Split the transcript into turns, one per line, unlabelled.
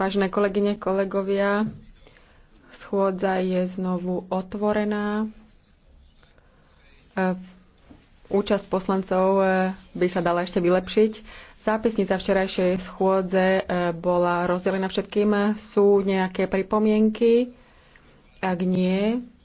Vážené kolegyne, kolegovia, schôdza je znovu otvorená. E, účasť poslancov e, by sa dala ešte vylepšiť. Zápisnica včerajšej schôdze e, bola rozdelená všetkým. Sú nejaké pripomienky? Ak nie,